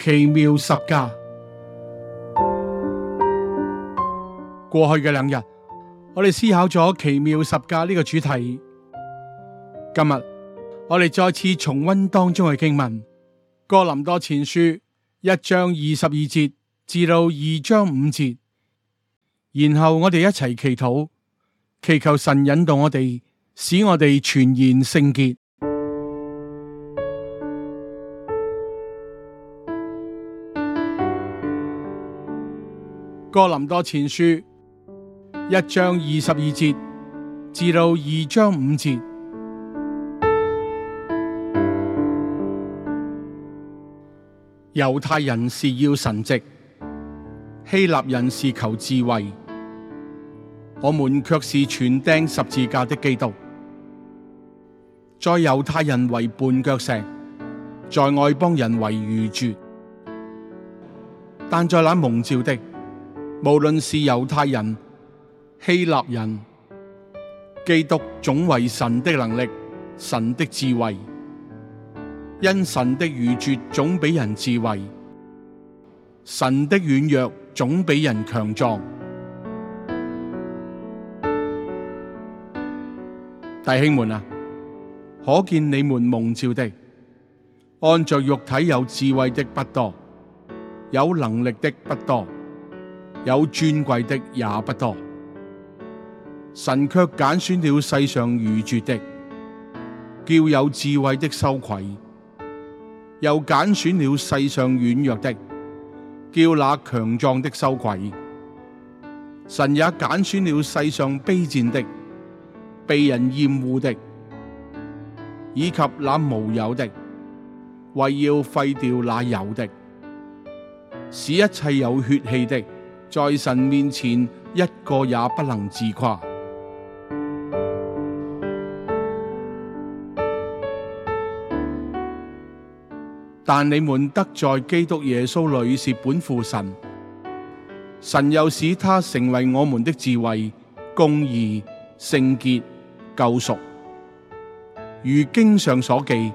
奇妙十架。過去嘅兩日，我哋思考咗奇妙十架呢個主題。今日我哋再次重溫當中嘅經文，《哥林多前書》一章二十二節至到二章五節，然後我哋一齊祈禱，祈求神引導我哋，使我哋全然聖潔。哥林多前書一章二十二節至到二章五節。猶太人是要神迹，希臘人是求智慧，我們却是傳釘十字架的基督。在猶太人為絆腳石，在外邦人為愚拙，但在那蒙召的。無論是猶太人、希臘人，基督總為神的能力、神的智慧，因神的愚拙總比人智慧，神的軟弱總比人強壯。弟兄們啊，可見你們蒙召的，按着肉體有智慧的不多，有能力的不多。有尊貴的也不多，神卻揀選了世上愚拙的，叫有智慧的羞愧；又揀選了世上軟弱的，叫那強壯的羞愧。神也揀選了世上卑賤的、被人厭惡的，以及那無有的，為要廢掉那有的，使一切有血氣的，在神面前，一個也不能自誇。但你們得在基督耶穌裏是本乎神，神又使他成為我們的智慧、公義、聖潔、救贖。如經上所記：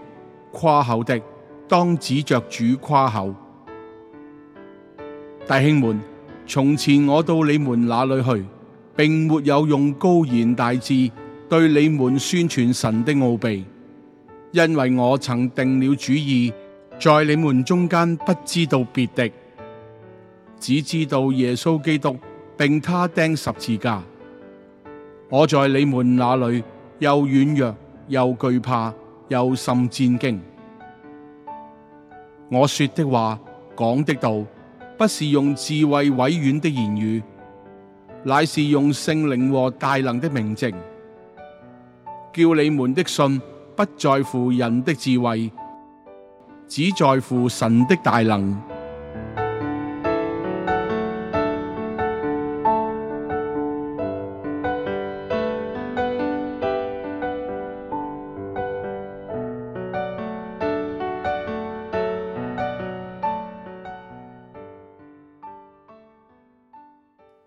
誇口的，當指着主誇口。弟兄們。從前我到你們那裡去，並沒有用高言大智對你們宣傳神的奧秘，因為我曾定了主意，在你們中間不知道別的，只知道耶穌基督並他釘十字架。我在你們那裡又軟弱又懼怕又甚戰兢，我說的話講的道。不是用智慧委婉的言語，乃是用聖靈和大能的明證，叫你們的信，不在乎人的智慧，只在乎神的大能。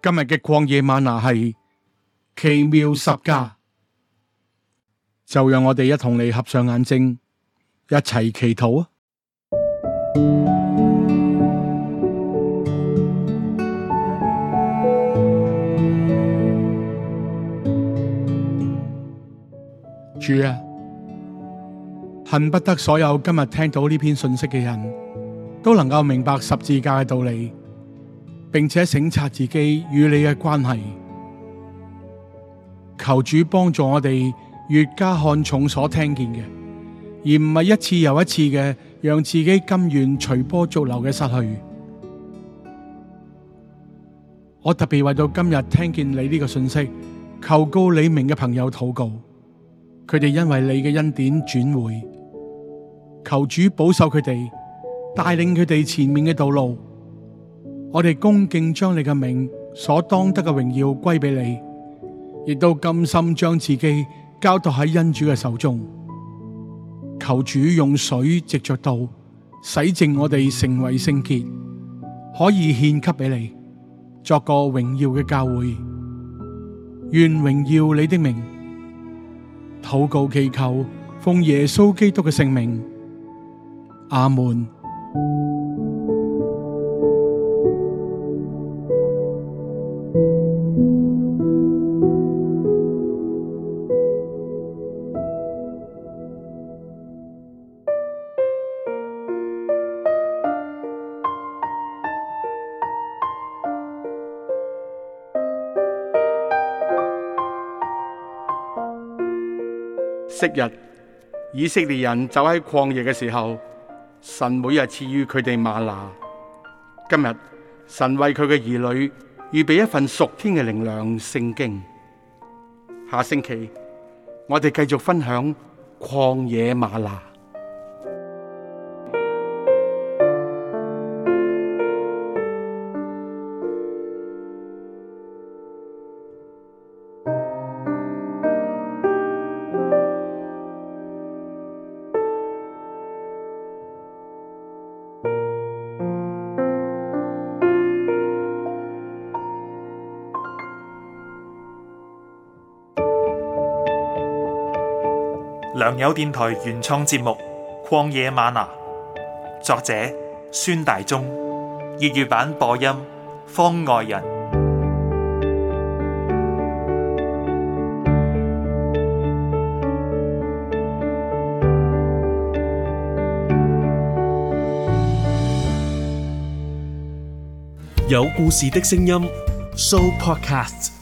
今日嘅曠野嗎哪係奇妙十架，就讓我哋一同嚟，合上眼睛，一齊祈禱啊！主啊，恨不得所有今日聽到呢篇信息嘅人都能夠明白十字架嘅道理。並且省察自己與你嘅關係，求主幫助我哋越加看重所聽見嘅，而唔係一次又一次嘅讓自己甘願隨波逐流嘅失去。我特別為到今日聽見你呢個信息，求告你名嘅朋友禱告，佢哋因為你嘅恩典轉回，求主保守佢哋，帶領佢哋前面嘅道路。我哋恭敬將你嘅名所當得嘅榮耀歸俾你，亦都甘心將自己交託喺恩主嘅手中，求主用水藉著道洗淨我哋，成為聖潔，可以獻給俾你，作個榮耀嘅教會。願榮耀你的名。禱告祈求，奉耶穌基督嘅聖名。阿門。昔日以色列人走喺曠野嘅時候，神每日賜予佢哋嗎哪。今日神為佢嘅兒女預備一份屬天嘅靈糧——聖經。下星期我哋繼續分享曠野嗎哪。良友電台原創節目《曠野嗎哪》，作者孫大中，粵語版播音方外人。有故事的聲音，Show Podcast。